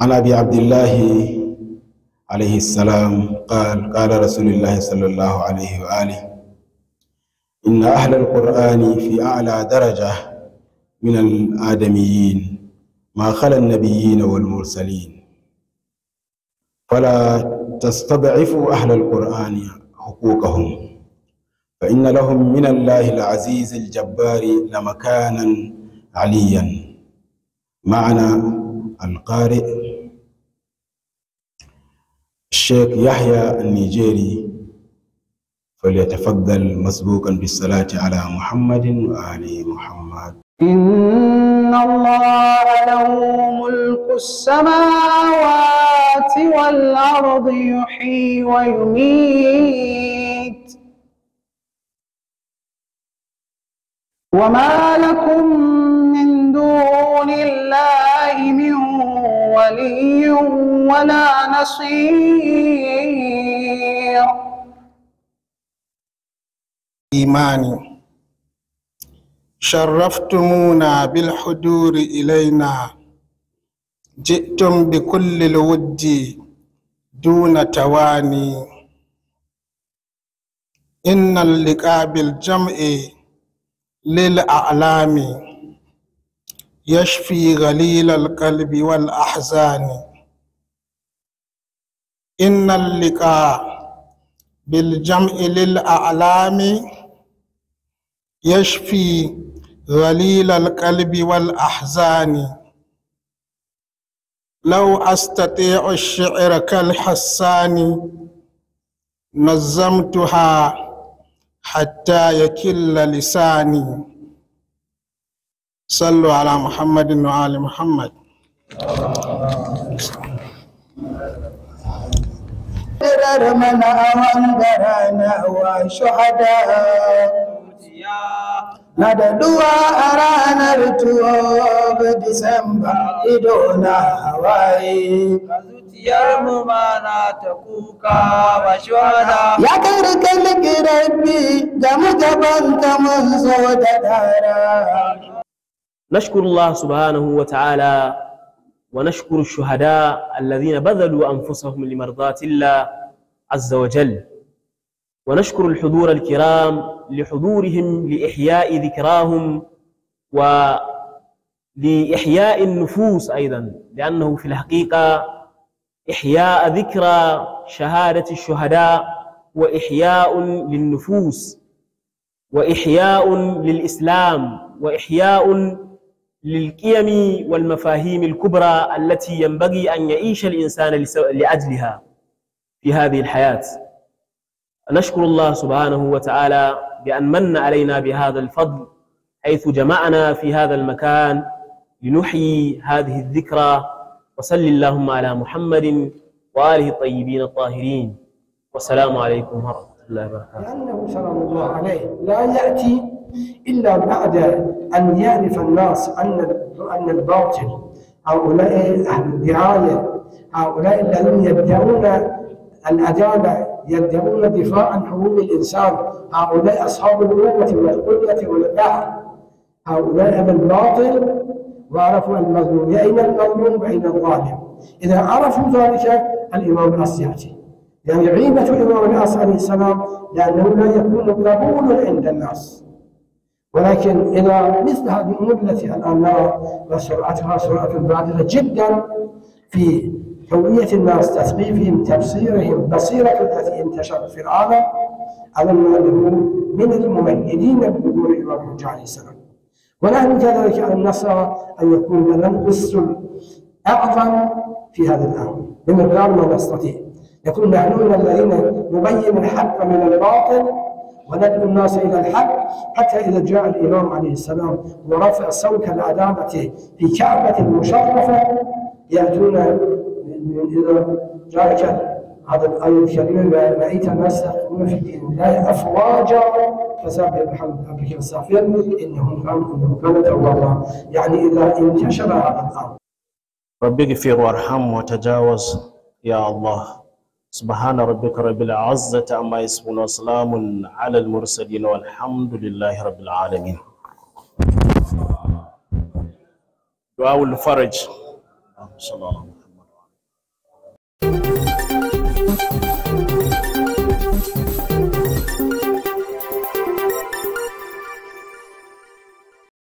عن ابي عبد الله عليه السلام قال قال رسول الله صلى الله عليه واله ان اهل القران في اعلى درجه من الادميين ما خلا النبيين والمرسلين فلا تستضعفوا اهل القران حقوقهم فإن لهم من الله العزيز الجبار لمكانا عليا معنا القارئ الشيخ يحيى النيجيري فليتفضل مسبوقا بالصلاة على محمد وآل محمد إن الله له ملك السماوات والأرض يحيي ويميت وما لكم من دون الله من ولي ولا نصير إيماني شرفتمونا بالحضور إلينا جئتم بكل الود دون تواني إن اللقاء بالجمع للأعلام يشفي غليل القلب والأحزان إن اللقاء بالجمع للأعلام يشفي غليل القلب والأحزان لو أستطيع الشعر كالحسان نظمتها hatta ya killa lisani sallu ala muhammadin wa ali muhammad Na da duwa a ranar tuwo ba Disamba ido na Ka zuciyar mu ma na ta kuka ba Ya kai rike نشكر الله سبحانه وتعالى ونشكر الشهداء الذين بذلوا أنفسهم لمرضاة الله عز وجل ونشكر الحضور الكرام لحضورهم لإحياء ذكراهم ولإحياء النفوس أيضا لأنه في الحقيقة إحياء ذكرى شهادة الشهداء وإحياء للنفوس وإحياء للإسلام وإحياء للقيم والمفاهيم الكبرى التي ينبغي أن يعيش الإنسان لأجلها في هذه الحياة نشكر الله سبحانه وتعالى بأن من علينا بهذا الفضل حيث جمعنا في هذا المكان لنحيي هذه الذكرى وصل اللهم على محمد وآله الطيبين الطاهرين والسلام عليكم ورحمة الله وبركاته لأنه سلام الله عليه لا يأتي إلا بعد أن يعرف الناس أن أن الباطل هؤلاء أهل الدعاية هؤلاء الذين يدعون العدالة يدعون دفاع عن حقوق الإنسان هؤلاء أصحاب الأمة والقدرة والبحر هؤلاء الباطل وعرفوا المظلوم أين المظلوم وأين الظالم إذا عرفوا ذلك الإمام يأتي يعني عيبة الإمام العاص عليه السلام لأنه لا يكون قبول عند الناس ولكن إلى مثل هذه الأمور التي الآن نرى وسرعتها سرعة بالغة جدا في حرية الناس تثقيفهم تبصيرهم بصيرة التي انتشرت في العالم على أنهم من المميزين بظهور الإمام الحجة عليه السلام ونحن كذلك أن نسعى أن يكون لنا القسط الأعظم في هذا الأمر بمقدار ما نستطيع يقول نحن الذين نبين الحق من الباطل وندعو الناس الى الحق حتى اذا جاء الامام عليه السلام ورفع سوك العداله في كعبه مشرفه ياتون اذا جاءك هذا الآية الكريمة رأيت الناس يقولون في دين الله أفواجا فسبح بحمد ربك واستغفر إنه كانوا إنه كان يعني إذا انتشر هذا الأمر ربي اغفر وارحم وتجاوز يا الله سبحان ربك رب العزة عما يصفون وسلام على المرسلين والحمد لله رب العالمين دعاء الفرج صلى الله عليه وسلم